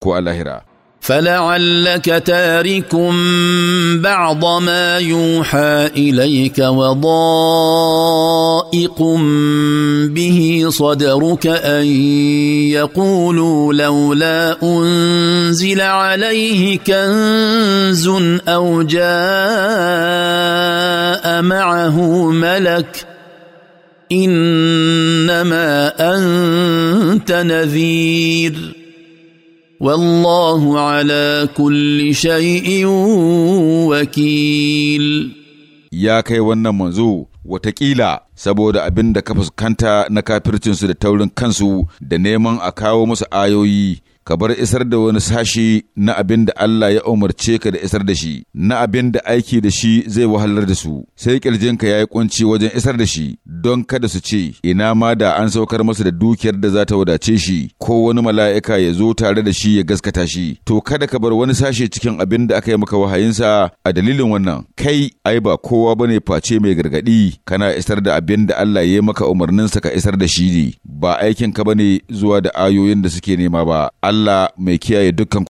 ko فلعلك تارك بعض ما يوحى اليك وضائق به صدرك ان يقولوا لولا انزل عليه كنز او جاء معه ملك انما انت نذير والله على كل شيء وكيل ya kai wannan manzo watakila saboda abin da ka fuskanta na kafircinsu da taurin kansu da neman a kawo musu ayoyi ka bar isar da wani sashi na abin da Allah ya umarce ka da isar da shi, na abin da aiki da shi zai wahalar da su, sai ƙirjinka ya yi kunci wajen isar da shi, don kada su ce, ina ma da an saukar masa da dukiyar da za ta wadace shi, ko wani mala'ika ya zo tare da shi ya gaskata shi, to kada ka bar wani sashe cikin abin da aka yi maka wahayinsa a dalilin wannan, kai ai ba kowa bane face mai gargaɗi, kana isar da abin da Allah ya yi maka umarninsa ka isar da shi ne, ba aikinka bane zuwa da ayoyin da suke nema ba. Allah Allah mai kiyaye dukkan